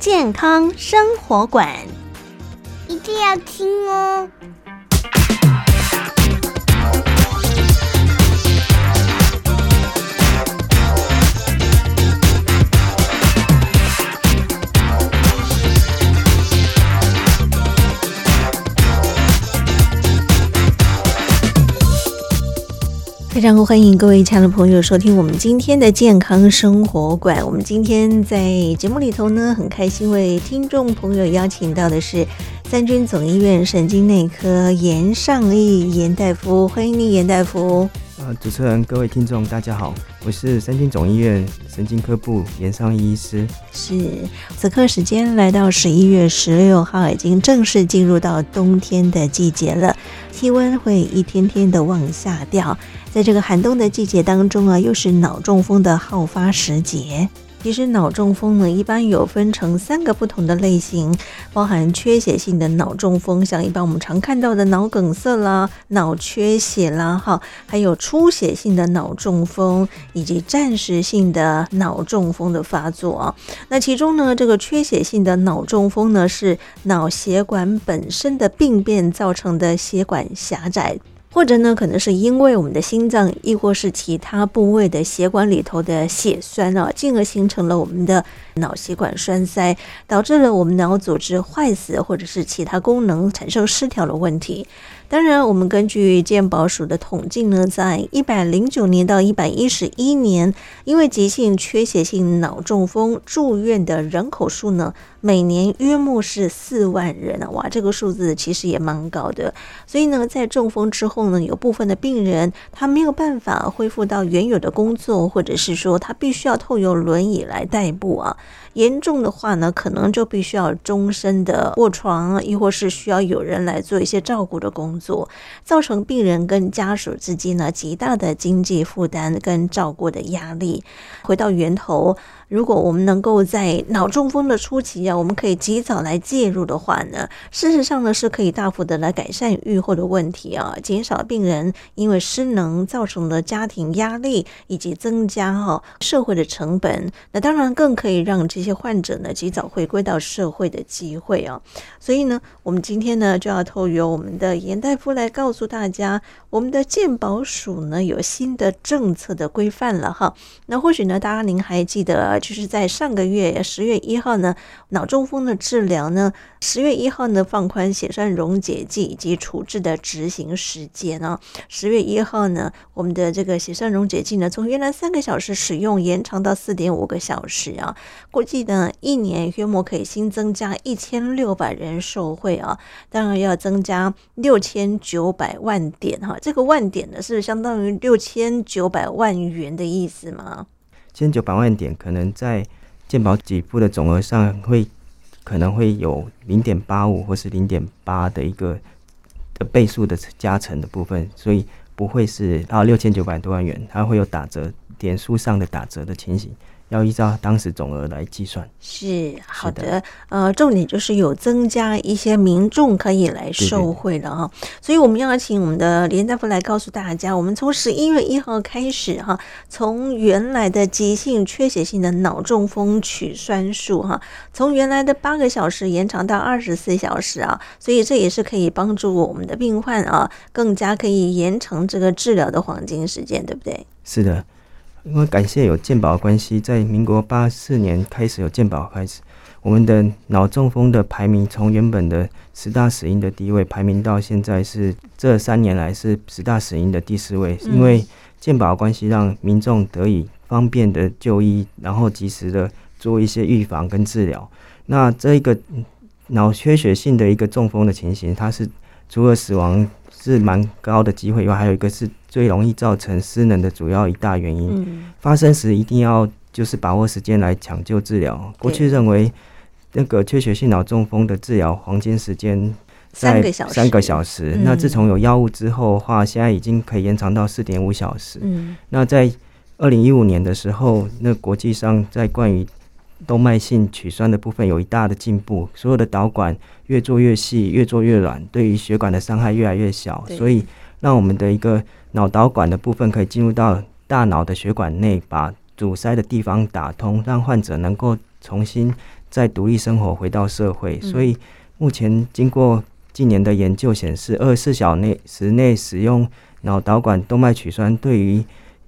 健康生活館，一定要聽哦！非常歡迎各位親愛的朋友收聽我們今天的健康生活館。我們今天在節目裡頭呢，很開心為聽眾朋友邀請到的是三軍總醫院神經內科顏尚易顏大夫，歡迎你，顏大夫。啊、呃，主持人、各位聽眾，大家好，我是三軍總醫院神經科部顏尚易醫，醫師。是，此刻時間來到十一月十六號，已經正式進入到冬天的季節了，氣溫會一天天的往下掉。在這個寒冬的季節當中啊，又是腦中風的好發時節。其實，腦中風呢，一般有分成三個不同的類型，包含缺血性的腦中風，像一般我們常看到的腦梗塞啦、腦缺血啦，哈，還有出血性的腦中風，以及暫時性的腦中風的發作。那其中呢，這個缺血性的腦中風呢，是腦血管本身的病變造成的血管狹窄。或者呢，可能是因為我們的心臟，亦或是其他部位的血管裡頭的血栓啊，進而形成了我們的腦血管栓塞，導致了我們腦組織壞死，或者是其他功能產生失調的問題。當然，我們根據健保署的統計呢，在一百零九年到一百一十一年，因為急性缺血性腦中風住院的人口數呢，每年約莫是四萬人。哇，這個數字其實也蠻高的。所以呢，在中風之後呢，有部分的病人他沒有辦法恢復到原有的工作，或者是說他必須要透由輪椅來代步啊。嚴重的話呢，可能就必須要終身的臥床，亦或是需要有人來做一些照顧的工作。做，造成病人跟家屬之間呢，極大的經濟負擔跟照顧的壓力。回到源頭。如果我們能夠在腦中風的初期啊，我們可以及早來介入的話呢，事實上呢是可以大幅的來改善預後的問題啊，減少病人因為失能造成的家庭壓力以及增加哈、哦、社會的成本，那當然更可以讓這些患者呢及早回歸到社會的機會啊。所以呢，我們今天呢就要透過我們的顏大夫來告訴大家，我們的健保署呢有新的政策的規範了哈。那或許呢，大家您還記得？就是在上個月十月一號呢，腦中風的治療呢，十月一號呢放寬血栓溶解劑以及處置的執行時間啊。十月一號呢，我們的這個血栓溶解劑呢，從原來三個小時使用延長到四點五個小時啊。估計呢，一年約莫可以新增加一千六百人受惠啊。當然要增加六千九百萬點哈，啊，這個萬點呢，是相當於六千九百萬元的意思嘛。千九百萬點，可能在健保給付的總額上會，可能會有零點八五或是零點八的一個的倍數的加成的部分，所以不會是啊六千九百多萬元，它會有打折，點數上的打折的情形。要依照當時總額來計算，是好的，是的。呃，重點就是有增加一些民眾可以來受惠了哈。對對對，所以，我們要請我們的顏大夫來告訴大家，我們從十一月一號開始哈，從原來的急性缺血性的腦中風取栓術哈，從原來的八個小時延長到二十四小時啊。所以，這也是可以幫助我們的病患啊，更加可以延長這個治療的黃金時間，對不對？是的。因為感謝有健保關係，在民國八四年開始有健保開始，我們的腦中風的排名從原本的十大死因的第一位，排名到現在是這三年來是十大死因的第四位。因為健保關係，讓民眾得以方便的就醫，然後及時的做一些預防跟治療。那這一個腦缺血性的一個中風的情形，它是除了死亡，是蠻高的機會以外，另外還有一個是最容易造成失能的主要一大原因。嗯、發生時一定要就是把握時間來搶救治療。過去認為那個缺血性腦中風的治療黃金時間在三個小時，三個小時。那自從有藥物之後的話、嗯，現在已經可以延長到四點五小時。嗯、那在二零一五年的時候，那國際上在關於動脈性取栓的部分有一大的進步，所有的導管越做越細，越做越軟，對於血管的傷害越來越小，所以讓我們的一個腦導管的部分可以進入到大腦的血管內，把阻塞的地方打通，讓患者能夠重新再獨立生活，回到社會、嗯。所以目前經過近年的研究顯示，二十四小時內使用腦導管動脈取栓對於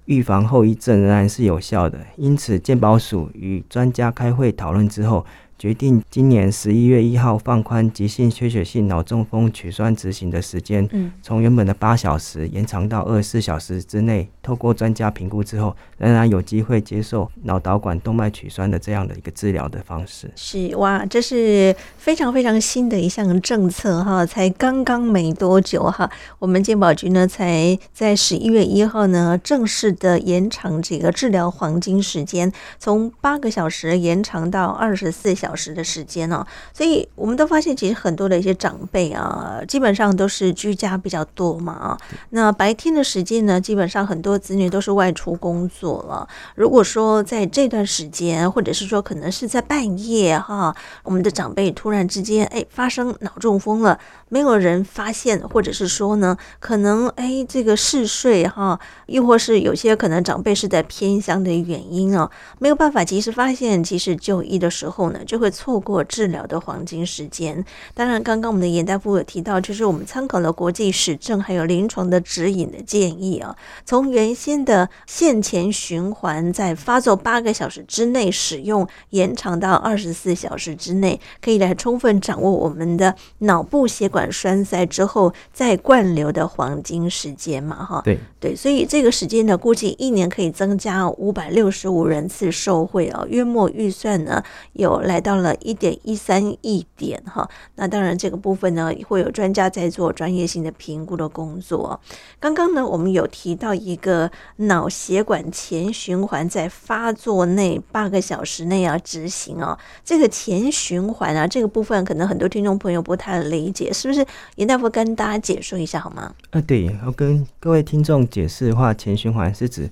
預防後遺症仍然是有效的，因此健保署與專家開會討論之後，決定今年十一月一號放寬急性缺血性腦中風取栓執行的時間，嗯，從原本的八小時延長到二十四小時之內。透過專家評估之後，仍然有機會接受腦導管動脈取栓的這樣的一個治療的方式。是哇，這是非常非常新的一項政策哈，才剛剛沒多久哈，我們健保局呢才在十一月一號呢正式的延長這個治療黃金時間，從八個小時延長到二十四小。小時的時間呢、哦，所以我們都發現，其實很多的一些長輩啊，基本上都是居家比較多嘛啊。那白天的時間呢，基本上很多子女都是外出工作了。如果說在這段時間，或者是說可能是在半夜哈、啊，我們的長輩突然之間誒、哎、發生腦中風了，沒有人發現，或者是說呢，可能誒、哎、這個嗜睡哈、啊，又或是有些可能長輩是在偏鄉的原因啊，沒有辦法及時發現，及時就醫的時候呢就。會錯過治療的黃金時間。當然，剛剛我們的顏大夫也提到，就是我們參考了國際實證還有臨床的指引的建議啊，從原先的現前循環在發作八個小時之內使用，延長到二十四小時之內，可以來充分掌握我們的腦部血管栓塞之後再灌流的黃金時間嘛。哈，對對，所以這個時間呢，估計一年可以增加五百六十五人次受惠啊，約莫預算呢有來。到了一點一三億點哈，那當然這個部分呢，會有專家在做專業性的評估的工作。剛剛呢，我們有提到一個腦血管前循環在發作內八個小時內要執行哦。這個前循環啊，這個部分可能很多聽眾朋友不太理解，是不是？顏大夫跟大家解說一下好嗎？啊、呃，對，要跟各位聽眾解釋的話，前循環是指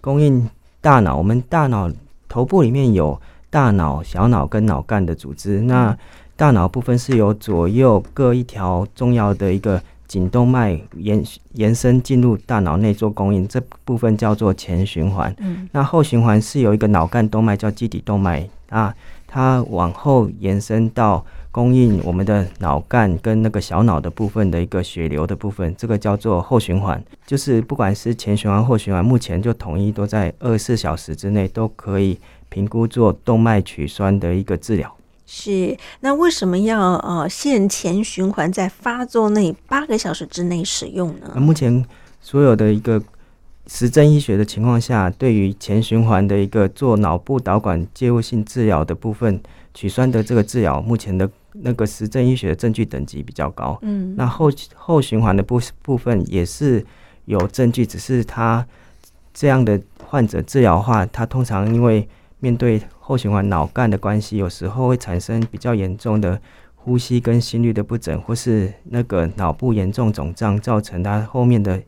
供應大腦，我們大腦頭部裡面有。大腦、小腦跟腦幹的組織，那大腦部分是由左右各一條重要的一個頸動脈延延伸進入大腦內做供應，這部分叫做前循環。嗯。那後循環是由一個腦幹動脈叫基底動脈啊，它往後延伸到供應我們的腦幹跟那個小腦的部分的一個血流的部分，這個叫做後循環。就是不管是前循環、後循環，目前就統一都在二十四小時之內都可以。評估做動脈取栓的一個治療是，那為什麼要呃限前循環在發作內八個小時之內使用呢？那目前所有的一個實證醫學的情況下，對於前循環的一個做腦部導管介入性治療的部分取栓的這個治療，目前的那個實證醫學的證據等級比較高。嗯，那後後循環的部部分也是有證據，只是他這樣的患者治療的話，他通常因為面對後循環腦幹的關係，有時候會產生比較嚴重的呼吸跟心律的不整，或是那個腦部嚴重腫脹，造成他後面的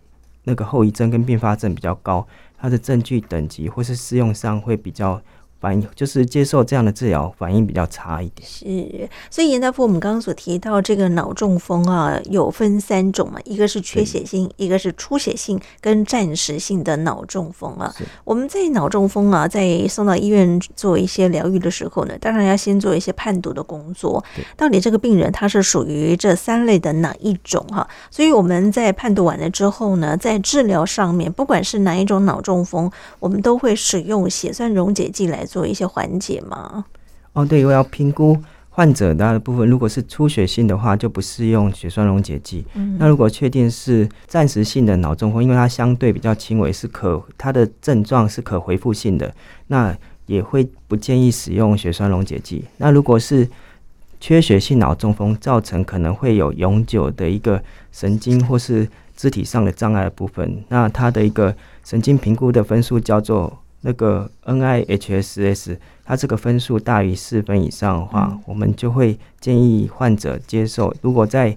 那個後遺症跟併發症比較高。他的證據等級或是適用上會比較。反應就是接受這樣的治療，反應比較差一點。是，所以顏大夫，我們剛剛所提到這個腦中風啊，有分三種嘛，啊，一個是缺血性，一個是出血性，跟暫時性的腦中風啊。我們在腦中風啊，在送到醫院做一些療癒的時候呢，當然要先做一些判讀的工作，到底這個病人他是屬於這三類的哪一種哈，啊？所以我們在判讀完了之後呢，在治療上面，不管是哪一種腦中風，我們都會使用血栓溶解劑來做。做一些緩解嗎？哦、oh，對，我要評估患者的部分。如果是出血性的話，就不適用血栓溶解劑。Mm -hmm. 那如果確定是暫時性的腦中風，因為它相對比較輕微，是可它的症狀是可回復性的，那也會不建議使用血栓溶解劑。那如果是缺血性腦中風造成，可能會有永久的一個神經或是肢體上的障礙的部分，那它的一個神經評估的分數叫做。那個 NIHSS，它這個分數大於四分以上的話，我們就會建議患者接受。如果在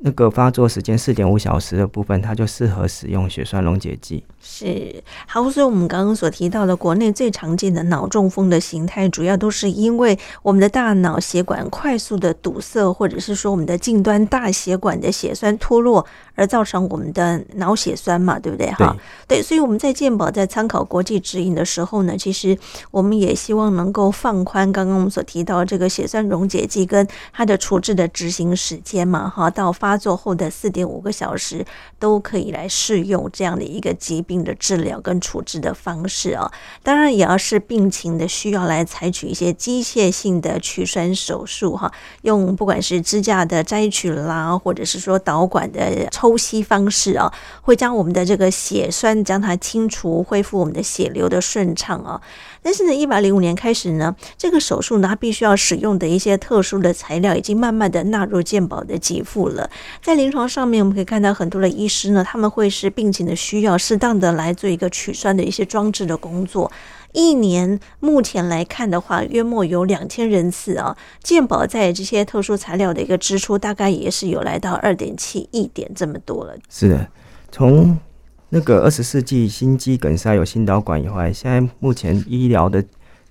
那個發作時間四點五小時的部分，它就適合使用血栓溶解劑。是，好，所以我們剛剛所提到的國內最常見的腦中風的形態，主要都是因為我們的大腦血管快速的堵塞，或者是說我們的近端大血管的血栓脫落而造成我們的腦血栓嘛，對不對？哈，對。所以我們在健保在參考國際指引的時候呢，其實我們也希望能夠放寬剛剛我們所提到的這個血栓溶解劑跟它的處置的執行時間嘛，哈，到發。發作後的四點五個小時都可以來適用這樣的一個疾病的治療跟處置的方式啊，當然也要視病情的需要來採取一些機械性的取栓手術哈、啊，用不管是支架的摘取啦，或者是說導管的抽吸方式啊，會將我們的這個血栓將它清除，恢復我們的血流的順暢啊。但是呢，一百零五年開始呢，這個手術呢它必須要使用的一些特殊的材料，已經慢慢的納入健保的給付了。在臨床上面，我們可以看到很多的醫師呢，他們會是病情的需要，適當的來做一個取栓的一些裝置的工作。一年目前來看的話，約莫有兩千人次啊，健保在這些特殊材料的一個支出，大概也是有來到二點七億點這麼多了。是的，從那個二十世紀心肌梗塞有心導管以外，現在目前醫療的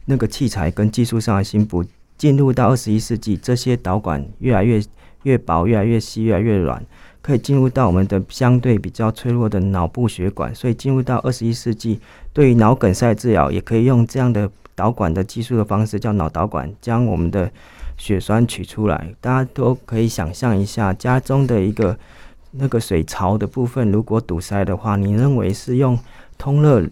那個器材跟技術上的進步，進入到二十一世紀，這些導管越來越。越薄，越來越稀，越來越軟，可以進入到我們的相對比較脆弱的腦部血管。所以進入到二十一世紀，對於腦梗塞治療，也可以用這樣的導管的技術的方式，叫腦導管，將我們的血栓取出來。大家都可以想象一下，家中的一個那個水槽的部分如果堵塞的話，你認為是用通樂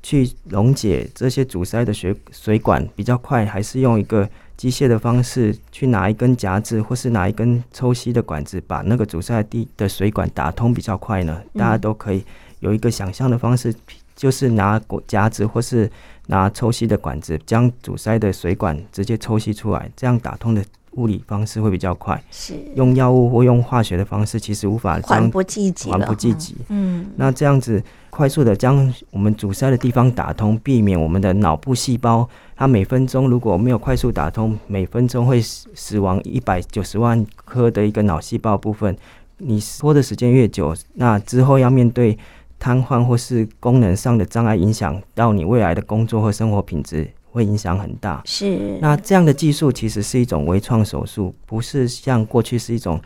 去溶解這些阻塞的血水管比較快，還是用一個機械的方式去拿一根夾子，或是拿一根抽吸的管子，把那個阻塞的地的水管打通比較快呢？大家都可以有一個想象的方式，就是拿夾子或是拿抽吸的管子，將阻塞的水管直接抽吸出來，這樣打通的。物理方式會比較快，是用藥物或用化學的方式，其實無法將緩不積極，不積極，嗯，那這樣子快速地將我們阻塞的地方打通，避免我們的腦部細胞，它每分鐘如果沒有快速打通，每分鐘會死亡一百九十萬顆的一個腦細胞部分。你拖的時間越久，那之後要面對癱瘓或是功能上的障礙，影響到你未來的工作和生活品質。會影響很大，是。那這樣的技術其實是一種微創手術，不是像過去是一種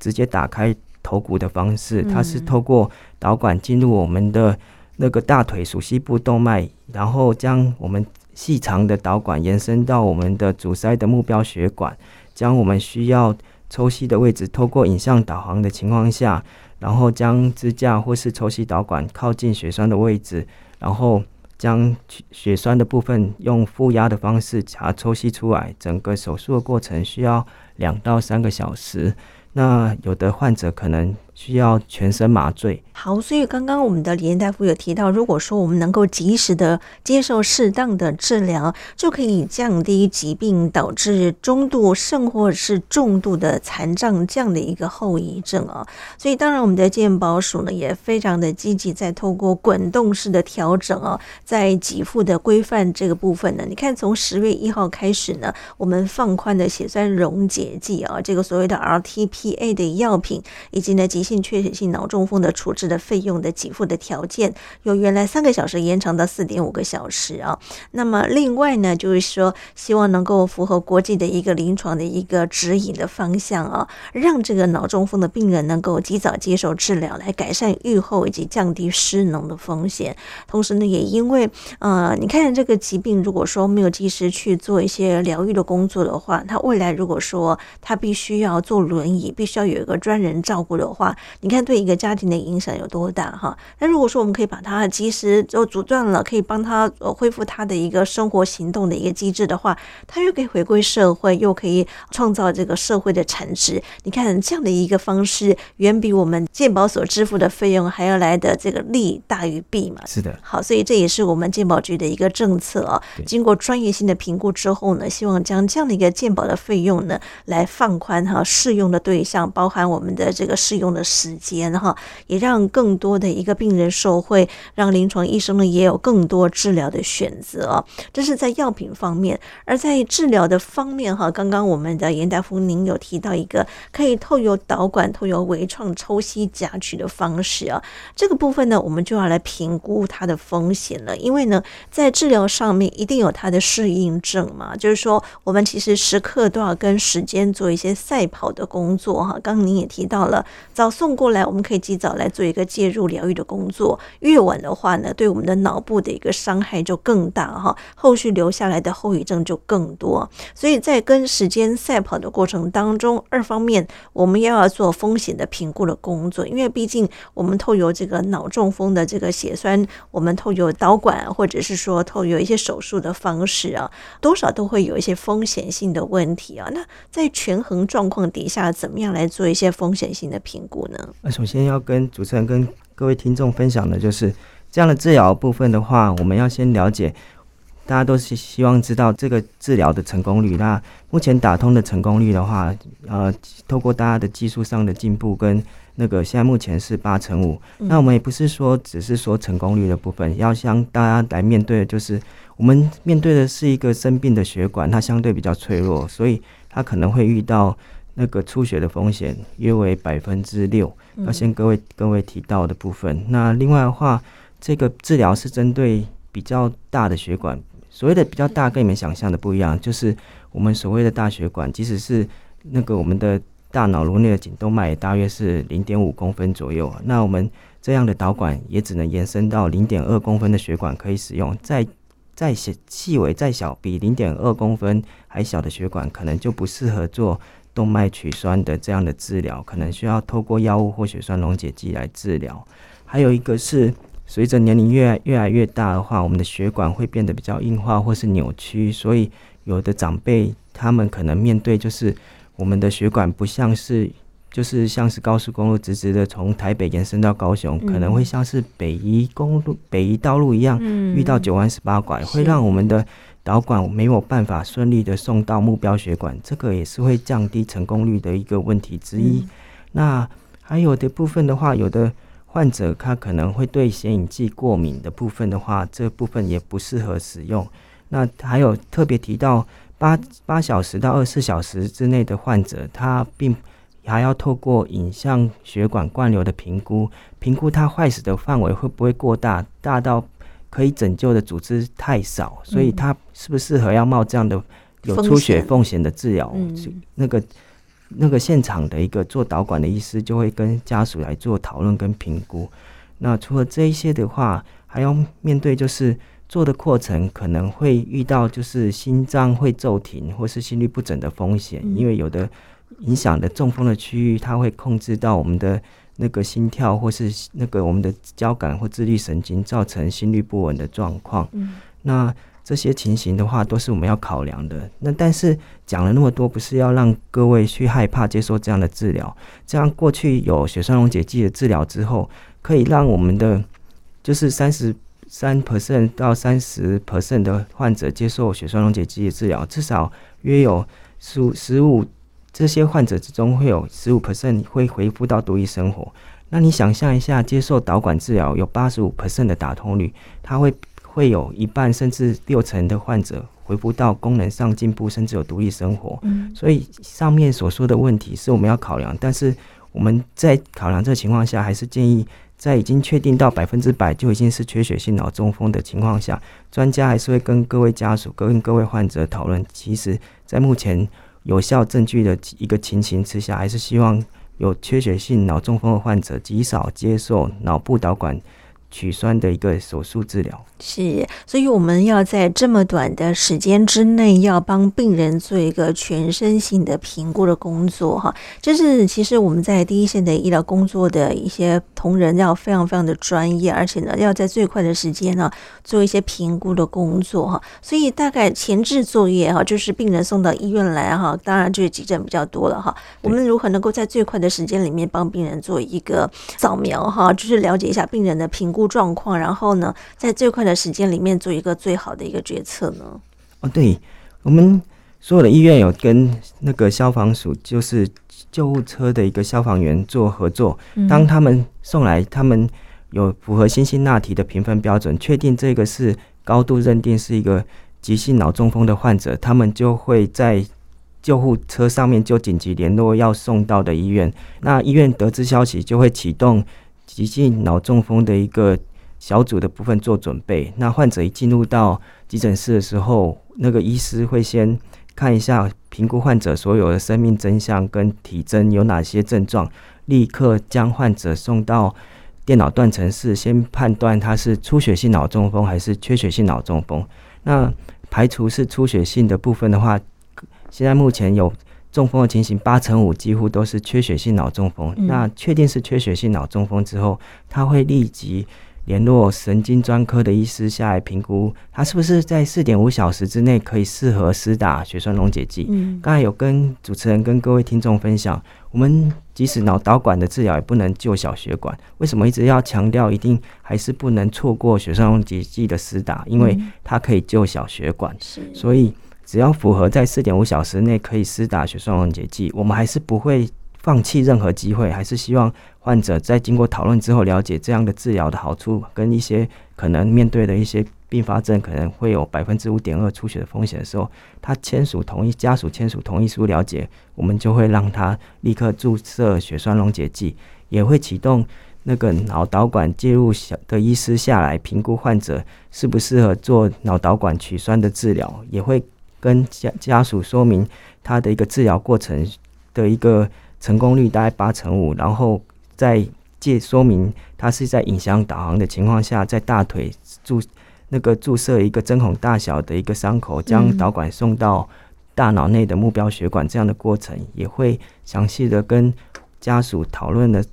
直接打開頭骨的方式，嗯、它是透過導管進入我們的那個大腿鼠蹊部動脈，然後將我們細長的導管延伸到我們的阻塞的目標血管，將我們需要抽吸的位置，透過影像導航的情況下，然後將支架或是抽吸導管靠近血栓的位置，然後。將血栓的部分用負壓的方式夾抽吸出來，整個手術的過程需要兩到三個小時。那有的患者可能。需要全身麻醉。好，所以剛剛我們的顏大夫有提到，如果說我們能夠及時的接受適當的治療，就可以降低疾病導致中度甚或是重度的殘障這樣的一個後遺症啊。所以當然，我們的健保署呢也非常的積極，在透過滾動式的調整啊，在給付的規範這個部分呢，你看從十月一號開始呢，我們放寬的血栓溶解劑啊，這個所謂的 rt-PA 的藥品，以及呢及性缺血性腦中風的處置的費用的給付的條件，由原來三個小時延長到四點五個小時啊。那麼另外呢，就是說希望能夠符合國際的一個臨床的一個指引的方向啊，讓這個腦中風的病人能夠及早接受治療，來改善預後以及降低失能的風險。同時呢，也因為呃，你看這個疾病，如果說沒有及時去做一些療癒的工作的話，他未來如果說他必須要坐輪椅，必須要有一個專人照顧的話，你看對一個家庭的影響有多大哈？那如果說我們可以把它及時就阻斷了，可以幫他呃恢復他的一個生活行動的一個機制的話，他又可以回歸社會，又可以創造這個社會的產值。你看這樣的一個方式，遠比我們健保所支付的費用還要來的這個利大於弊嘛？是的。好，所以這也是我們健保局的一個政策啊。經過專業性的評估之後呢，希望將這樣的一個健保的費用呢來放寬哈適用的對象，包含我們的這個適用的。時間哈，也讓更多的一個病人受惠，讓臨床醫生呢也有更多治療的選擇。這是在藥品方面，而在治療的方面哈，剛剛我們的顏大夫您有提到一個可以透由導管、透由微創抽吸夾取的方式啊，這個部分呢，我們就要來評估它的風險了。因為呢，在治療上面一定有它的適應症嘛，就是說我們其實時刻都要跟時間做一些賽跑的工作哈。剛剛您也提到了送過來，我們可以及早來做一個介入療癒的工作。越晚的話呢，對我們的腦部的一個傷害就更大哈，後續留下來的後遺症就更多。所以在跟時間賽跑的過程當中，二方面我們要要做風險的評估的工作，因為畢竟我們透過這個腦中風的這個血栓，我們透過導管或者是說透過一些手術的方式啊，多少都會有一些風險性的問題啊。那在權衡狀況底下，怎麼樣來做一些風險性的評估？那首先要跟主持人跟各位聽眾分享的，就是這樣的治療部分的話，我們要先了解，大家都是希望知道這個治療的成功率。那目前打通的成功率的話，呃，透過大家的技術上的進步跟那個現在目前是八成五。嗯。那我們也不是說只是說成功率的部分，要向大家來面對的就是，我們面對的是一個生病的血管，它相對比較脆弱，所以它可能會遇到。那個出血的風險約為百分之六。那先各位各位提到的部分，嗯。那另外的話，這個治療是針對比較大的血管。所謂的比較大，跟你們想象的不一樣，就是我們所謂的大血管，即使是那個我們的大腦顱內的頸動脈，也大約是零點五公分左右。那我們這樣的導管也只能延伸到零點二公分的血管可以使用。再再細、細微、再小，比零點二公分還小的血管，可能就不適合做，動脈取栓的這樣的治療，可能需要透過藥物或血栓溶解劑來治療。還有一個是，隨着年齡越，越來越大的話，我們的血管會變得比較硬化或是扭曲，所以有的長輩他們可能面對就是我們的血管不像是就是像是高速公路直直的從台北延伸到高雄，嗯、可能會像是北宜公路北宜道路一樣，嗯、遇到九彎十八拐，會讓我們的。導管沒有辦法順利的送到目標血管，這個也是會降低成功率的一個問題之一。那還有的部分的話，有的患者他可能會對顯影劑過敏的部分的話，這部分也不適合使用。那還有特別提到八八小時到二十四小時之內的患者，他並還要透過影像血管灌流的評估，評估他壞死的範圍會不會過大，大到。可以拯救的組織太少，所以他適不適合要冒這樣的有出血風險的治療，嗯嗯，那個那個現場的一個做導管的醫師就會跟家屬來做討論跟評估。那除了這一些的話，還要面對就是做的過程可能會遇到就是心臟會驟停或是心律不整的風險，嗯、因為有的影響的中風的區域，它會控制到我們的。那個心跳或是那個我們的交感或自律神經造成心律不穩的狀況，嗯，那這些情形的話都是我們要考量的。那但是講了那麼多，不是要讓各位去害怕接受這樣的治療。這樣過去有血栓溶解劑的治療之後，可以讓我們的就是三十三 percent 到三十 percent 的患者接受血栓溶解劑的治療，至少約有十十五，這些患者之中會有十五%會恢復到獨立生活。那你想象一下，接受導管治療有八十五%的打通率，它會會有一半甚至六成的患者恢復到功能上進步，甚至有獨立生活。嗯。所以上面所說的問題是我們要考量，但是我們在考量這情況下，還是建議在已經確定到百分之百就已經是缺血性腦中風的情況下，專家還是會跟各位家屬、跟各位患者討論。其實，在目前。有效證據的一個情形，之下，還是希望有缺血性腦中風的患者及早接受腦部導管。取栓的一個手術治療是，所以我們要在這麼短的時間之內，要幫病人做一個全身性的評估的工作哈。這是其實我們在第一線的醫療工作的一些同仁要非常非常的專業，而且呢，要在最快的時間呢做一些評估的工作哈。所以大概前置作業哈，就是病人送到醫院來哈，當然就是急診比較多了哈。我們如何能夠在最快的時間裡面幫病人做一個掃描哈，就是了解一下病人的評估。估狀況，然後呢，在最快的時間裡面做一個最好的一個決策呢？哦、oh，對，我們所有的醫院有跟那個消防署，就是救護車的一個消防員做合作。當他們送來，他們有符合辛辛那提的評分標準，確定這個是高度認定是一個急性腦中風的患者，他們就會在救護車上面就緊急聯絡要送到的醫院。那醫院得知消息，就會啟動。急性腦中風的一個小組的部分做準備。那患者一進入到急診室的時候，那個醫師會先看一下，評估患者所有的生命徵象跟體徵有哪些症狀，立刻將患者送到電腦斷層室，先判斷他是出血性腦中風還是缺血性腦中風。那排除是出血性的部分的話，現在目前有。中風的情形，八成五幾乎都是缺血性腦中風。嗯、那確定是缺血性腦中風之後，他會立即聯絡神經專科的醫師下來評估，他是不是在四點五小時之內可以適合施打血栓溶解劑。嗯、剛才有跟主持人跟各位聽眾分享，我們即使腦導管的治療也不能救小血管。為什麼一直要強調一定還是不能錯過血栓溶解劑的施打？因為它可以救小血管，嗯、所以。只要符合在四點五小時內可以施打血栓溶解劑，我們還是不會放棄任何機會，還是希望患者在經過討論之後了解這樣的治療的好處跟一些可能面對的一些併發症，可能會有百分之五點二出血的風險的時候，他簽署同意家屬簽署同意書，了解我們就會讓他立刻注射血栓溶解劑，也會啟動那個腦導管介入小的醫師下來評估患者適不適合做腦導管取栓的治療，也會。跟家家屬說明他的一個治療過程的一個成功率大概八成五，然後再借說明他是在影像導航的情況下，在大腿注那個注射一個針孔大小的一個傷口，將導管送到大腦內的目標血管，這樣的過程、嗯、也會詳細的跟家屬討論的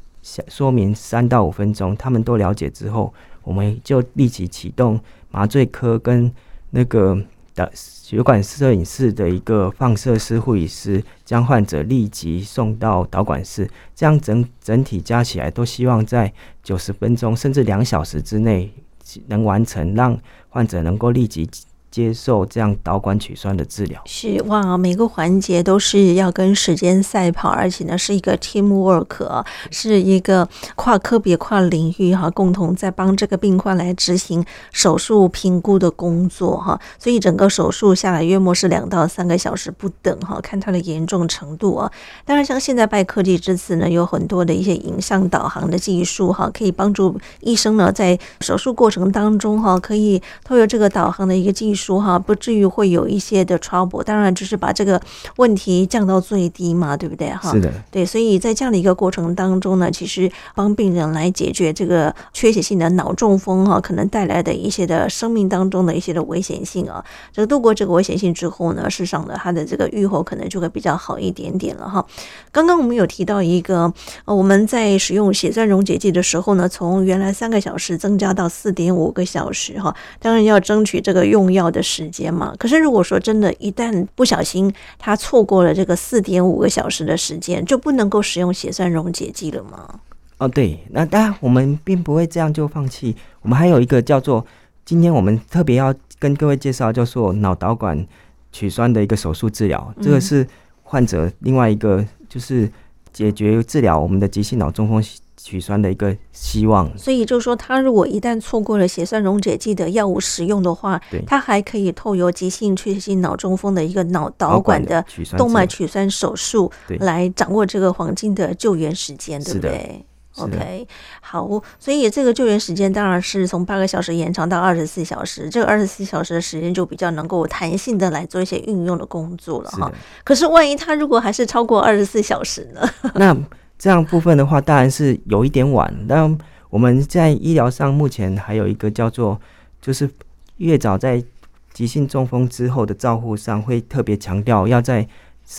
說明三到五分鐘，他們都了解之後，我們就立即啟動麻醉科跟那個。的血管攝影室的一個放射師、護理師將患者立即送到導管室，這樣整整體加起來都希望在九十分鐘甚至兩小時之內能完成，讓患者能夠立即。接受這樣導管取栓的治療是哇，每個環節都是要跟時間賽跑，而且呢是一個 teamwork，是一個跨科別、跨領域哈、啊，共同在幫這個病患來執行手術評估的工作哈、啊。所以整個手術下來約莫是兩到三個小時不等哈、啊，看他的嚴重程度啊。當然，像現在拜科技之賜呢，有很多的一些影像導航的技術哈、啊，可以幫助醫生呢在手術過程當中哈、啊，可以透過這個導航的一個技術。說哈，不至於會有一些的 trouble。當然就是把這個問題降到最低嘛，對不對哈？是的，對，所以在這樣的一個過程當中呢，其實幫病人來解決這個缺血性的腦中風哈，可能帶來的一些的，生命當中的一些的危險性啊，這個度過這個危險性之後呢，事實上呢，他的這個預後可能就會比較好一點點了哈。剛剛我們有提到一個，呃、我們在使用血栓溶解劑的時候呢，從原來三個小時增加到四點五個小時哈，當然要爭取這個用藥。的時間嘛，可是如果說真的，一旦不小心，他錯過了這個四點五個小時的時間，就不能夠使用血栓溶解劑了嗎？哦，對，那當然、啊、我們並不會這樣就放棄，我們還有一個叫做，今天我們特別要跟各位介紹叫做腦導管取栓的一個手術治療、嗯，這個是患者另外一個就是解決治療我們的急性腦中風。取栓的一個希望，所以就是說，他如果一旦錯過了血栓溶解劑的藥物使用的話，對，他還可以透由急性缺血性腦中風的一個腦導管的動脈取栓手術來掌握這個黃金的救援時間，對不對？OK，好，所以這個救援時間當然是從八個小時延長到二十四小時，這個二十四小時的時間就比較能夠彈性的來做一些運用的工作了哈。是可是萬一他如果還是超過二十四小時呢？那這樣部分的話，當然是有一點晚。但我們在醫療上目前還有一個叫做，就是越早在急性中風之後的照護上，會特別強調要在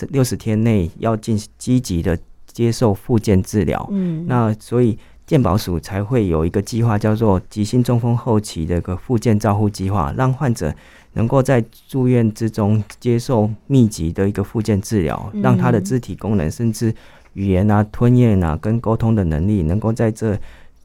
六十天內要進行積極的接受復健治療。嗯，那所以健保署才會有一個計劃，叫做急性中風後期的一個復健照護計劃，讓患者能夠在住院之中接受密集的一個復健治療，嗯、讓他的肢體功能甚至。語言啊，吞咽啊，跟溝通的能力，能夠在這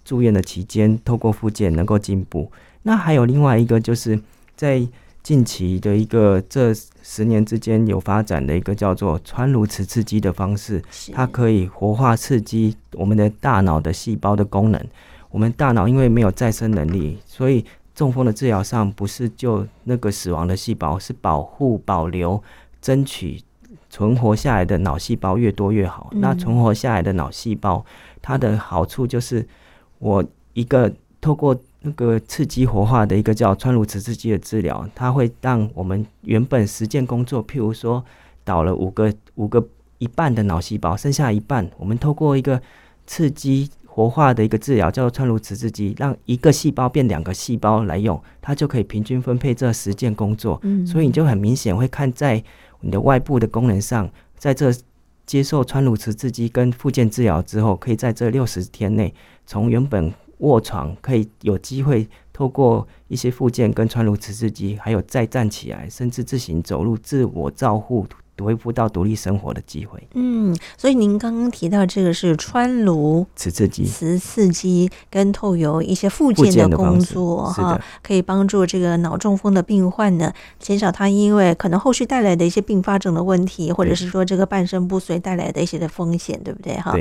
住院的期間，透過復健能夠進步。那還有另外一個，就是在近期的一個這十年之間有發展的一個叫做穿顱磁刺激的方式，它可以活化刺激我們的大腦的細胞的功能。我們大腦因為沒有再生能力，所以中風的治療上不是就那個死亡的細胞，是保護、保留、爭取。存活下來的腦細胞越多越好，嗯。那存活下來的腦細胞，它的好處就是，我一個透過那個刺激活化的一個叫穿顱磁刺激的治療，它會讓我們原本十件工作，譬如說倒了五個五個一半的腦細胞，剩下一半，我們透過一個刺激活化的一個治療，叫做穿顱磁刺激，讓一個細胞變兩個細胞來用，它就可以平均分配這十件工作，嗯。所以你就很明顯會看在你的外部的功能上，在這接受穿顱磁刺激跟復健治療之後，可以在這六十天內，從原本臥床，可以有機會透過一些復健跟穿顱磁刺激，還有再站起來，甚至自行走路、自我照護。恢復到獨立生活的機會。嗯，所以您剛剛提到這個是穿顱磁刺激、磁刺激跟透油一些復健的工作，哈、哦，可以幫助這個腦中風的病患呢，減少他因為可能後續帶來的一些併發症的問題，或者是說這個半身不遂帶來的一些的風險，對不對？哈。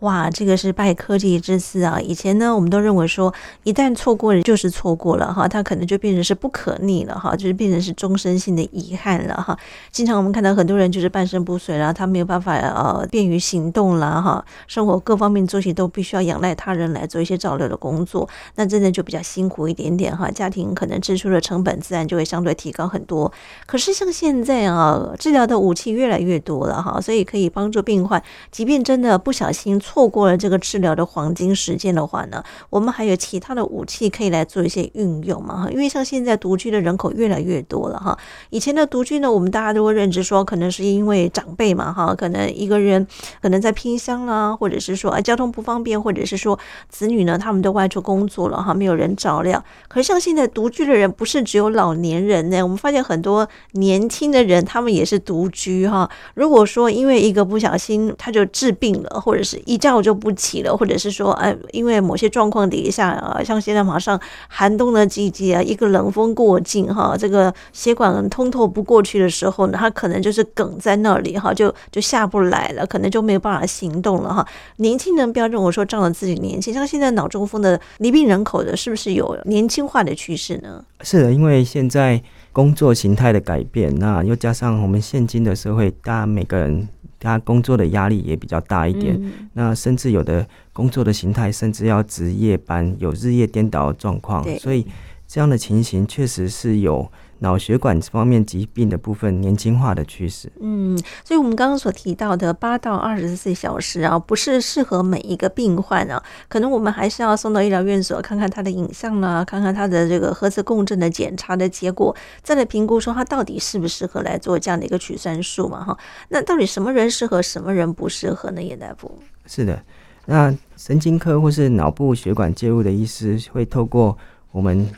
哇，這個是拜科技之賜啊！以前呢，我們都認為說，一旦錯過了就是錯過了哈，他可能就變成是不可逆了哈，就是變成是終身性的遺憾了哈。經常我們看到很多人就是半身不遂啦，他沒有辦法呃便於行動了哈，生活各方面做起都必須要仰賴他人來做一些照料的工作，那真的就比較辛苦一點點哈，家庭可能支出的成本自然就會相對提高很多。可是像現在啊，治療的武器越來越多了哈，所以可以幫助病患，即便真的不小心。錯過了這個治療的黃金時間的話呢，我們還有其他的武器可以來做一些運用嘛哈？因為像現在獨居的人口越來越多了哈。以前的獨居呢，我們大家都會認知說，可能是因為長輩嘛哈，可能一個人可能在偏鄉啦，或者是說啊交通不方便，或者是說子女呢他們都外出工作了哈，沒有人照料。可是像現在獨居的人不是只有老年人呢，我們發現很多年輕的人他們也是獨居哈。如果說因為一個不小心他就治病了，或者是一。一覺就不起了，或者是說，哎，因為某些狀況底下啊，像現在馬上寒冬的季節，啊，一個冷風過境哈，這個血管通透不過去的時候呢，他可能就是梗在那裡哈，就就下不來了，可能就沒有辦法行動了哈。年輕人不要認為說仗着自己年輕，像現在腦中風的罹病人口的是不是有年輕化的趨勢呢？是的，因為現在工作形態的改變，那又加上我們現今的社會，大家每個人。他工作的壓力也比較大一點，嗯，那甚至有的工作的形態甚至要值夜班，有日夜顛倒的狀況，所以這樣的情形確實是有。腦血管方面疾病的部分年輕化的趨勢，嗯，所以我們剛剛所提到的八到二十四小時啊，不是適合每一個病患啊，可能我們還是要送到醫療院所看看他的影像啦、啊，看看他的這個核磁共振的檢查的結果，再來評估說他到底適不適合來做這樣的一個取栓術嘛？哈，那到底什麼人適合，什麼人不適合呢？葉大夫，是的，那神經科或是腦部血管介入的醫師會透過我們。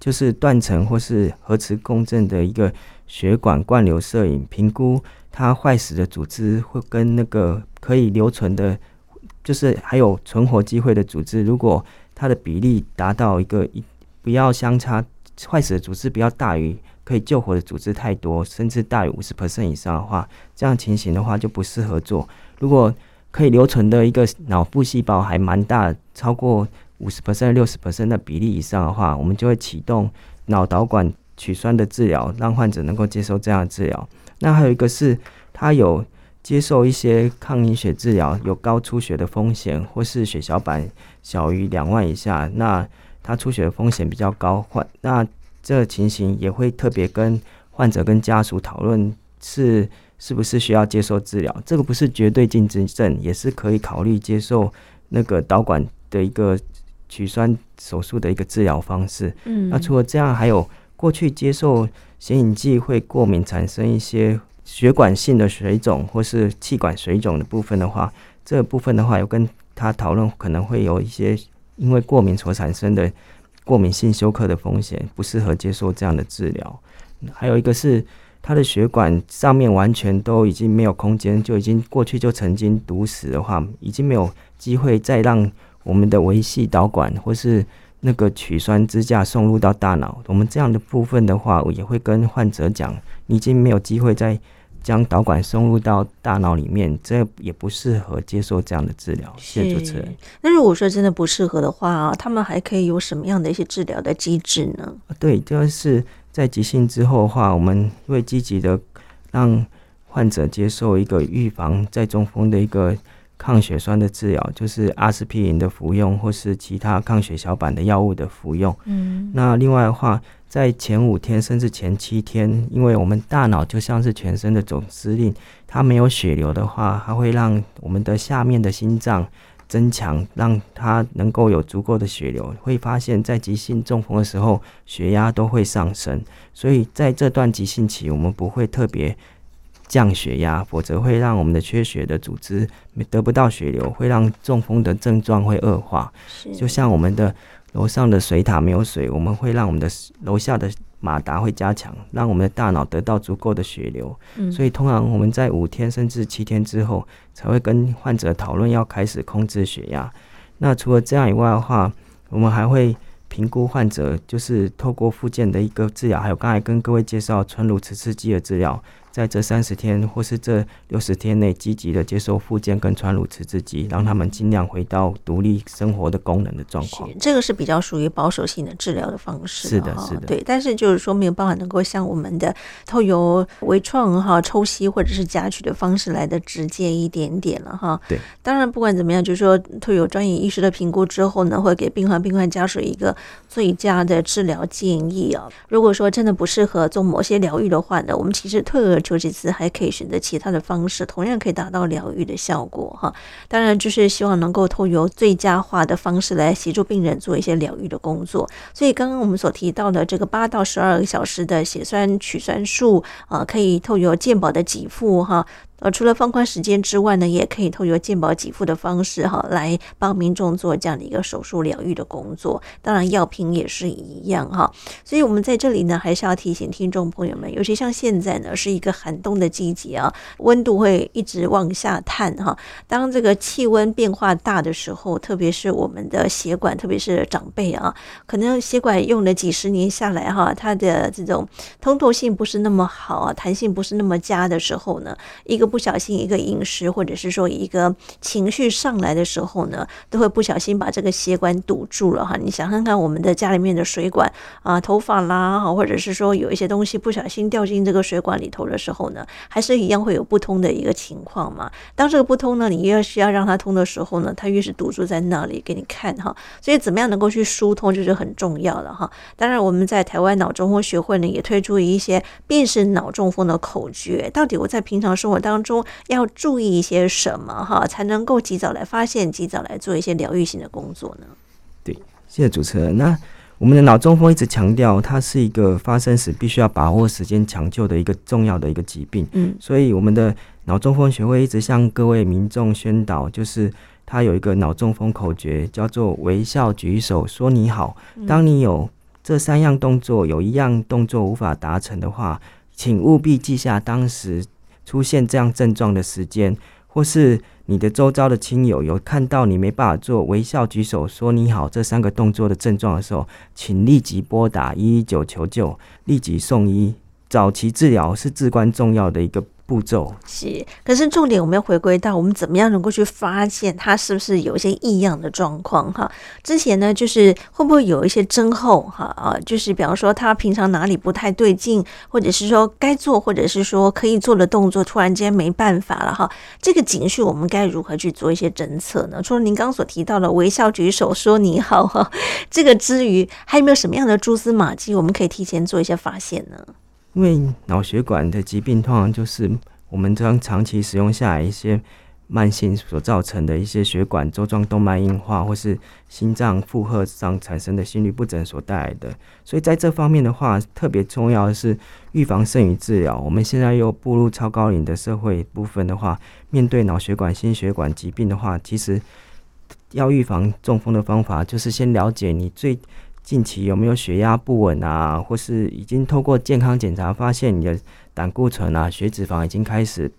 就是斷層或是核磁共振的一個血管灌流攝影，評估它壞死的組織會跟那個可以留存的，就是還有存活機會的組織，如果它的比例達到一個一不要相差，壞死的組織不要大於可以救活的組織太多，甚至大於五十 percent 以上的話，這樣情形的話就不適合做。如果可以留存的一個腦部細胞還蠻大，超過。五十%、六十%的比例以上的話，我們就會啟動腦導管取栓的治療，讓患者能夠接受這樣的治療。那還有一個是，他有接受一些抗凝血治療，有高出血的風險，或是血小板小於兩萬以下，那他出血的風險比較高。患那這情形也會特別跟患者跟家屬討論，是是不是需要接受治療？這個不是絕對禁忌症，也是可以考慮接受那個導管的一個。取栓手術的一個治療方式。嗯，那除了這樣，還有過去接受顯影劑會過敏，產生一些血管性的水腫或是氣管水腫的部分的話，這個部分的話，有跟他討論可能會有一些因為過敏所產生的過敏性休克的風險，不適合接受這樣的治療。還有一個是他的血管上面完全都已經沒有空間，就已經過去就曾經堵死的話，已經沒有機會再讓。我們的微細導管，或是那個取栓支架送入到大腦，我們這樣的部分的話，我也會跟患者講，你已經沒有機會再將導管送入到大腦裡面，這也不適合接受這樣的治療。謝謝主持人，那如果說真的不適合的話，他們還可以有什麼樣的一些治療的機制呢？對，就是在急性之後的話，我們會積極的讓患者接受一個預防再中風的一個。抗血栓的治療就是阿司匹林的服用，或是其他抗血小板的藥物的服用。嗯，那另外的話，在前五天甚至前七天，因為我們大腦就像是全身的總司令，它沒有血流的話，它會讓我們的下面的心臟增強，讓它能夠有足夠的血流。會發現，在急性中風的時候，血壓都會上升，所以在這段急性期，我們不會特別。降血壓，否則會讓我們的缺血的組織得不到血流，會讓中風的症狀會惡化。是，就像我們的樓上的水塔沒有水，我們會讓我們的樓下的馬達會加強，讓我們的大腦得到足夠的血流。嗯，所以通常我們在五天甚至七天之後，才會跟患者討論要開始控制血壓。那除了這樣以外的話，我們還會評估患者，就是透過附件的一個治療，還有剛才跟各位介紹穿顱磁刺激的治療。在這三十天或是這六十天內，積極的接受復健跟穿顱磁刺激，讓他們盡量回到獨立生活的功能的狀況。這個是比較屬於保守性的治療的方式，是的，是的，對。但是就是說沒有辦法能夠像我們的透由微創哈、哦、抽吸或者是夾取的方式來的直接一點點了哈、哦。對，當然不管怎麼樣，就是說透由專業醫師的評估之後呢，會給病患病患家屬一個最佳的治療建議啊、哦。如果說真的不適合做某些療癒的話呢，我們其實特。說這次還可以選擇其他的方式，同樣可以達到療癒的效果哈。當然就是希望能夠透由最佳化的方式來協助病人做一些療癒的工作。所以剛剛我們所提到的這個八到十二個小時的血栓取栓術啊，可以透由健保的給付哈。啊呃，除了放寬時間之外呢，也可以透過健保給付的方式哈，來幫民眾做這樣的一個手術療癒的工作。當然，藥品也是一樣哈。所以，我們在這裡呢，還是要提醒聽眾朋友們，尤其像現在呢，是一個寒冬的季節啊，溫度會一直往下探哈。當這個氣溫變化大的時候，特別是我們的血管，特別是長輩啊，可能血管用了幾十年下來哈，它的這種通透性不是那麼好，彈性不是那麼佳的時候呢，一個不小心一個飲食，或者是說一個情緒上來的時候呢，都會不小心把這個血管堵住了哈。你想看看我們的家裡面的水管啊，頭髮啦，或者是說有一些東西不小心掉進這個水管裡頭的時候呢，還是一樣會有不通的一個情況嘛。當這個不通呢，你越需要讓它通的時候呢，它越是堵住在那裡給你看哈。所以怎麼樣能夠去疏通，就是很重要的哈。當然我們在台灣腦中風學會呢，也推出一些辨識腦中風的口訣。到底我在平常生活當中要注意一些什麼哈，才能夠及早來發現，及早來做一些療癒性的工作呢？對，謝謝主持人。那我們的腦中風一直強調，它是一個發生時必須要把握時間搶救的一個重要的一個疾病。嗯，所以我們的腦中風學會一直向各位民眾宣導，就是它有一個腦中風口訣，叫做微笑、舉手、說你好。嗯。當你有這三樣動作，有一樣動作無法達成的話，請務必記下當時。出現這樣症狀的時間，或是你的周遭的親友有看到你沒辦法做微笑、舉手、說你好這三個動作的症狀的時候，請立即撥打119求救，立即送醫。早期治療是至關重要的一個步驟是，可是重點，我們要回歸到我們怎麼樣能夠去發現他是不是有一些異樣的狀況哈？之前呢，就是會不會有一些徵候哈？啊，就是比方說他平常哪裡不太對勁，或者是說該做或者是說可以做的動作突然間沒辦法了哈？這個警訊，我們該如何去做一些偵測呢？除了您剛剛所提到的微笑舉手說你好哈，這個之餘，還有沒有什麼樣的蛛絲馬迹我們可以提前做一些發現呢？因為腦血管的疾病通常就是我們將長期使用下來一些慢性所造成的一些血管粥狀動脈硬化，或是心臟負荷上產生的心律不整所帶來的。所以在這方面的話，特別重要的是預防勝於治療。我們現在又步入超高齡的社會部分的話，面對腦血管、心血管疾病的話，其實要預防中風的方法，就是先了解你最。近期有沒有血壓不穩啊，或是已經透過健康檢查發現你的膽固醇啊、血脂肪已經開始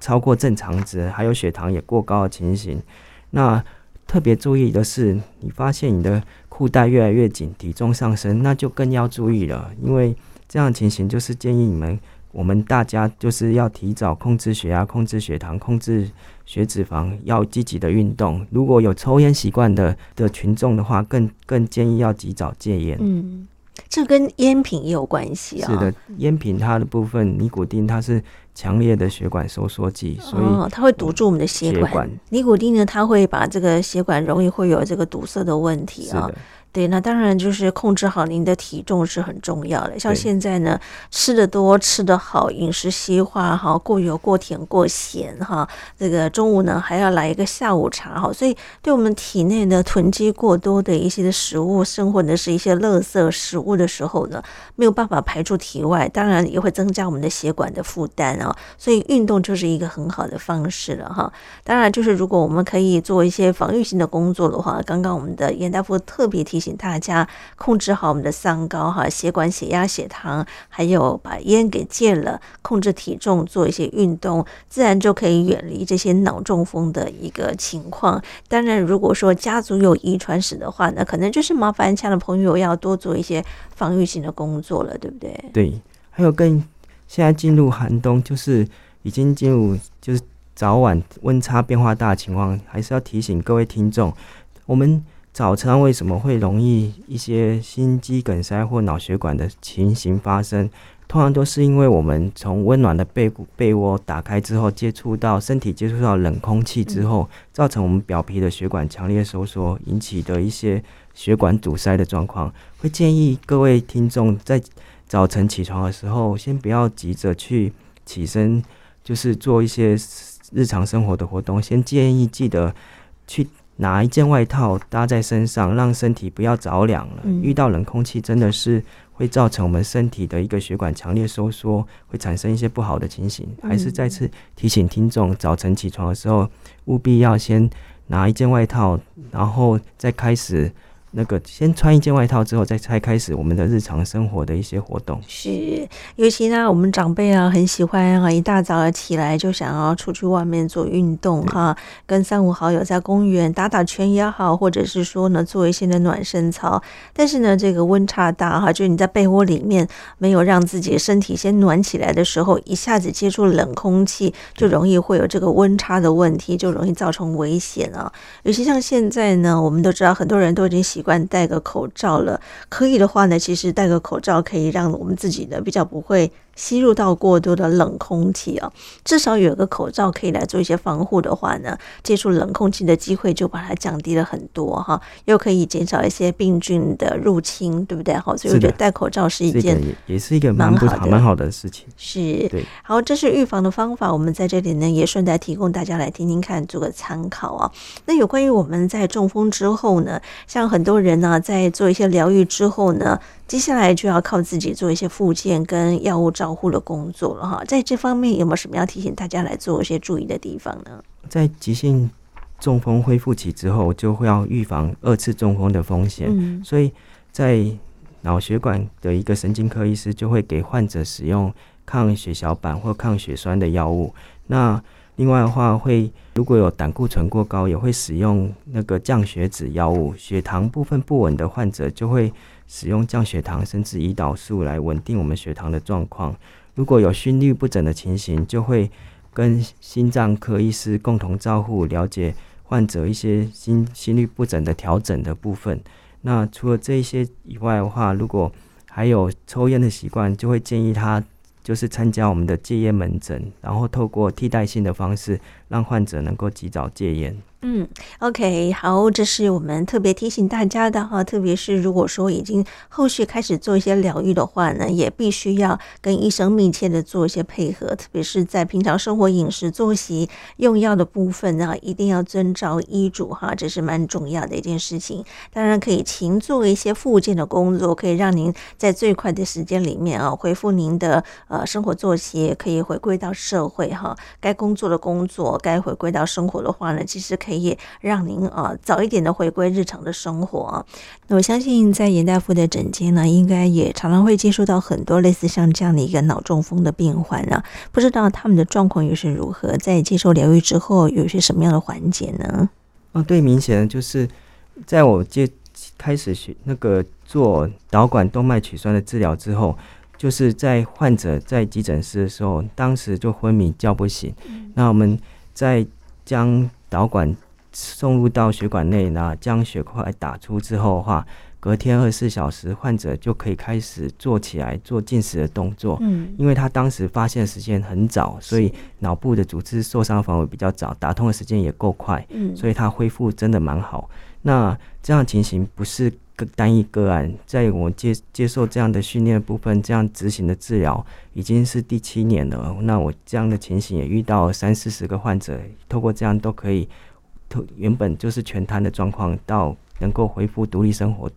超過正常值，還有血糖也過高的情形。那特別注意的是，你發現你的褲帶越來越緊，體重上升，那就更要注意了，因為這樣的情形就是建議你們。我們大家就是要提早控制血壓、控制血糖、控制血脂肪，要積極的運動。如果有抽菸習慣的的群眾的話，更更建議要及早戒菸。嗯，這跟菸品也有關係啊。是的，菸品它的部分尼古丁它是強烈的血管收縮劑，所以它，哦，會堵住我們的血管。嗯，血管。尼古丁呢，它會把這個血管容易會有這個堵塞的問題啊。對，那當然就是控制好您的體重是很重要的。像現在呢，吃的多，吃的好，飲食西化哈，過油、過甜、過鹹哈。這個中午呢還要來一個下午茶哈，所以對我們體內呢囤積過多的一些的食物，生活的是一些垃圾食物的時候呢，沒有辦法排出體外，當然也會增加我們的血管的負擔啊。所以運動就是一個很好的方式了哈。當然，就是如果我們可以做一些防禦性的工作的話，剛剛我們的顏大夫特別提。提醒大家控制好我們的三高哈，血管、血壓、血糖，還有把煙給戒了，控制體重，做一些運動，自然就可以遠離這些腦中風的一個情況。當然，如果說家族有遺傳史的話，那可能就是麻煩家的朋友要多做一些防禦性的工作了，對不對？對，還有跟現在進入寒冬，就是已經進入就是早晚溫差變化大的情況，還是要提醒各位聽眾，我們。早餐為什麼會容易一些心肌梗塞或腦血管的情形發生？通常都是因為我們從溫暖的被被窩打開之後，接觸到身體接觸到冷空氣之後，造成我們表皮的血管強烈收縮，引起的一些血管堵塞的狀況。會建議各位聽眾在早晨起床的時候，先不要急着去起身，就是做一些日常生活的活動。先建議記得去。拿一件外套搭在身上，讓身體不要着涼了。嗯。遇到冷空氣，真的是會造成我們身體的一個血管強烈收縮，會產生一些不好的情形。嗯。還是再次提醒聽眾，早晨起床的時候，務必要先拿一件外套，然後再開始。那個先穿一件外套，之後再再開始我們的日常生活的一些活動。是，尤其呢，我們長輩啊很喜歡啊，一大早起來就想要出去外面做運動哈，跟三五好友在公園打打拳也好，或者是說呢做一些的暖身操。但是呢，這個溫差大哈，就你在被窩裡面沒有讓自己身體先暖起來的時候，一下子接觸冷空氣，就容易會有這個溫差的問題，就容易造成危險啊。尤其像現在呢，我們都知道很多人都已經喜歡習慣戴個口罩了，可以的話呢，其實戴個口罩可以讓我們自己呢比較不會。吸入到過多的冷空氣啊，至少有個口罩可以來做一些防護的話呢，接觸冷空氣的機會就把它降低了很多哈，又可以減少一些病菌的入侵，對不對？好，所以我覺得戴口罩是一件是，也是一個蠻好蠻，蠻好的事情。是對，好，這是預防的方法。我們在這裡呢，也順帶提供大家來聽聽看，做個參考啊。那有關於我們在中風之後呢，像很多人呢、啊，在做一些療癒之後呢。接下來就要靠自己做一些復健跟藥物照護的工作了哈，在這方面有沒有什麼要提醒大家來做一些注意的地方呢？在急性中風恢復期之後，就會要預防二次中風的風險，嗯，所以在腦血管的一個神經科醫師就會給患者使用抗血小板或抗血栓的藥物。那另外的話，會如果有膽固醇過高，也會使用那個降血脂藥物；血糖部分不穩的患者就會。使用降血糖甚至胰島素來穩定我們血糖的狀況。如果有心律不整的情形，就會跟心臟科醫師共同照護，了解患者一些心心律不整的調整的部分。那除了這一些以外的話，如果還有抽菸的習慣，就會建議他就是參加我們的戒菸門診，然後透過替代性的方式，讓患者能夠及早戒菸。嗯，OK，好，這是我們特別提醒大家的哈，特別是如果說已經後續開始做一些療癒的話呢，也必須要跟醫生密切的做一些配合，特別是在平常生活、飲食、作息、用藥的部分呢，一定要遵照醫囑哈，這是蠻重要的一件事情。當然可以勤做一些復健的工作，可以讓您在最快的時間裡面啊，恢復您的呃生活作息，可以回歸到社會哈。該工作的工作，該回歸到生活的話呢，其實可。可以讓您呃早一點的回歸日常的生活。那我相信在顏大夫的診間呢，應該也常常會接觸到很多類似像這樣的一個腦中風的病患啊。不知道他們的狀況又是如何，在接受療癒之後有些什麼樣的緩解呢？啊、哦，對，明顯的就是在我接開始學那個做導管動脈取栓的治療之後，就是在患者在急診室的時候，當時就昏迷叫不醒、嗯。那我們在將導管送入到血管內呢，將血塊打出之後的話，隔天二十四小時，患者就可以開始坐起來做進食的動作。嗯，因為他當時發現的時間很早，所以腦部的組織受傷範圍比較早，打通的時間也夠快，嗯，所以他恢復真的蠻好。那這樣情形不是？單一個案，在我接接受這樣的訓練部分，這樣執行的治療已經是第七年了。那我這樣的情形也遇到三四十個患者，透過這樣都可以，透原本就是全癱的狀況，到能夠恢復獨立生活，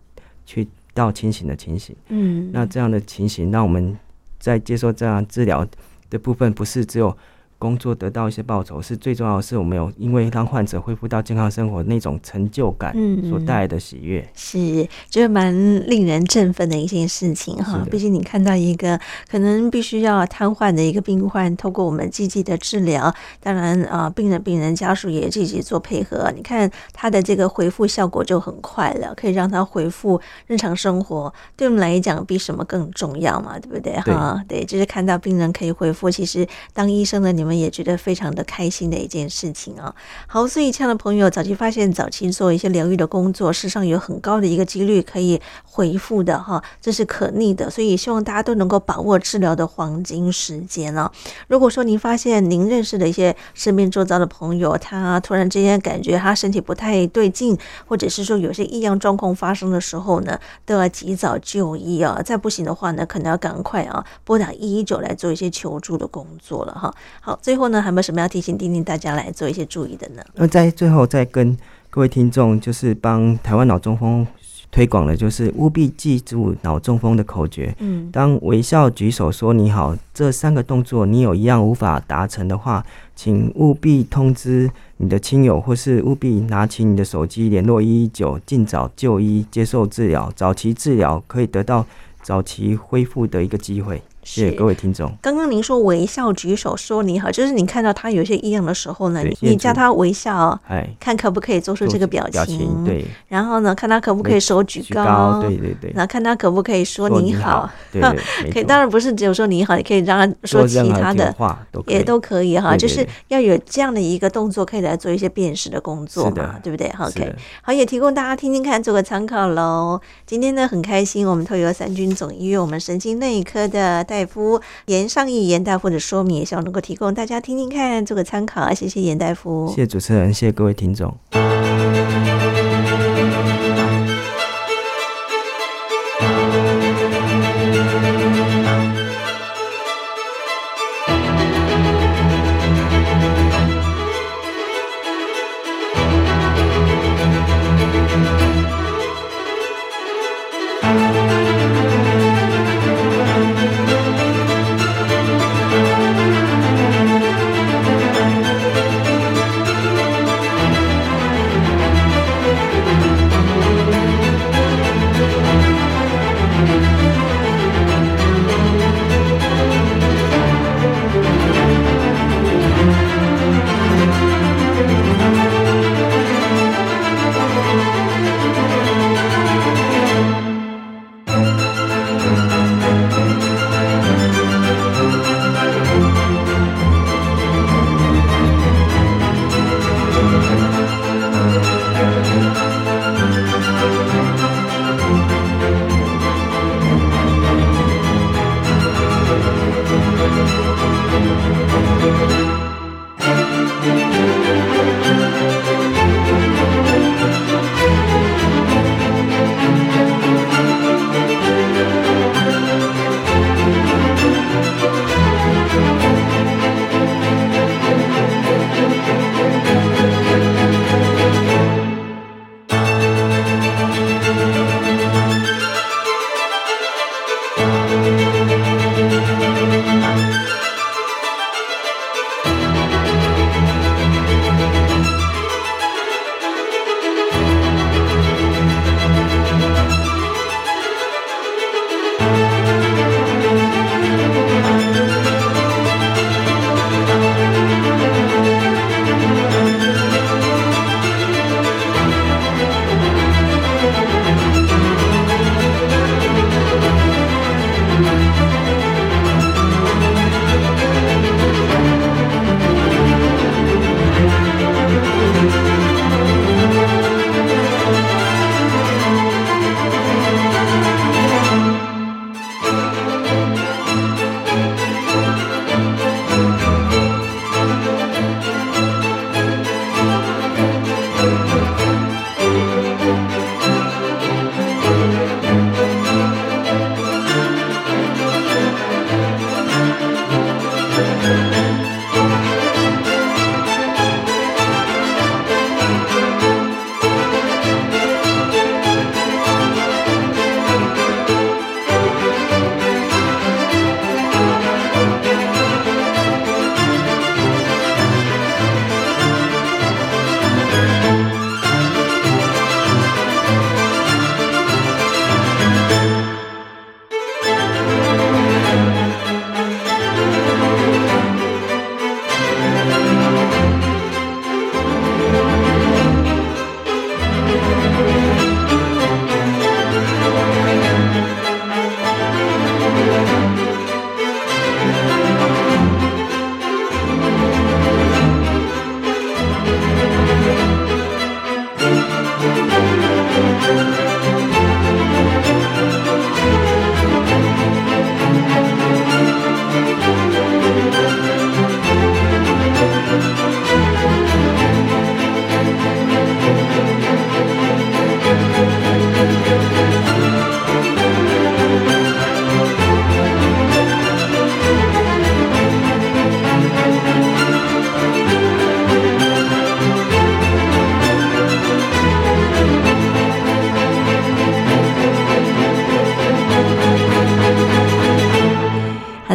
去到清醒的情形。嗯，那這樣的情形，那我們在接受這樣治療的部分，不是只有。工作得到一些報酬是最重要的，是我們有因為讓患者恢復到健康生活那種成就感所帶來的喜悅、嗯嗯，是，就是蠻令人振奮的一件事情哈。畢竟你看到一個可能必須要癱瘓的一個病患，透過我們積極的治療，當然啊、呃，病人病人家屬也積極做配合，你看他的這個恢復效果就很快了，可以讓他恢復日常生活。對我們來講，比什麼更重要嘛？對不對？哈，對，就是看到病人可以恢復，其實當醫生的你們。也覺得非常的開心的一件事情啊！好，所以這樣的朋友早期發現、早期做一些療癒的工作，事實上有很高的一個幾率可以恢復的哈，這是可逆的。所以希望大家都能夠把握治療的黃金時間啊。如果說您發現您認識的一些身邊周遭的朋友，他突然之間感覺他身體不太對勁，或者是說有些異樣狀況發生的時候呢，都要及早就醫啊！再不行的話呢，可能要趕快啊撥打一一九來做一些求助的工作了哈。好。最後呢，還有沒有什麼要提醒叮嚀大家來做一些注意的呢？那在最後，再跟各位聽眾，就是幫台灣腦中風推廣的，就是務必記住腦中風的口訣，嗯，當微笑、舉手、說你好這三個動作，你有一樣無法達成的話，請務必通知你的親友，或是務必拿起你的手機聯絡一一九，儘早就醫接受治療。早期治療可以得到早期恢復的一個機會。謝謝各位聽眾。剛剛您說微笑、舉手、說你好，就是你看到他有些異樣的時候呢，你叫他微笑，哎，看可不可以做出這個表情，對。然後呢，看他可不可以手舉高，舉高對對對。然後看他可不可以說你好，你好對對對 可以。當然不是只有說你好，也可以讓他說其他的，的話都，也都可以哈。就是要有這樣的一個動作，可以來做一些辨識的工作嘛，對不對？可以、okay。好，也提供大家聽聽看，做個參考嘍。今天呢，很開心，我們特邀三軍總醫院我們神經內科的。大夫，顏尚易顏大夫的說明，也希望能夠提供大家聽聽看，做個參考。謝謝顏大夫，謝謝主持人，謝謝各位聽眾。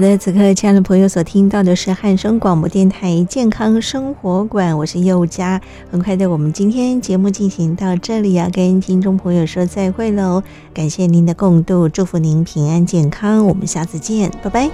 在此刻，親愛的朋友所聽到的是漢聲廣播電台健康生活館，我是佑佳。很快的，我們今天節目進行到這裡啊，跟聽眾朋友說再會嘍！感謝您的共度，祝福您平安健康，我們下次見，拜拜。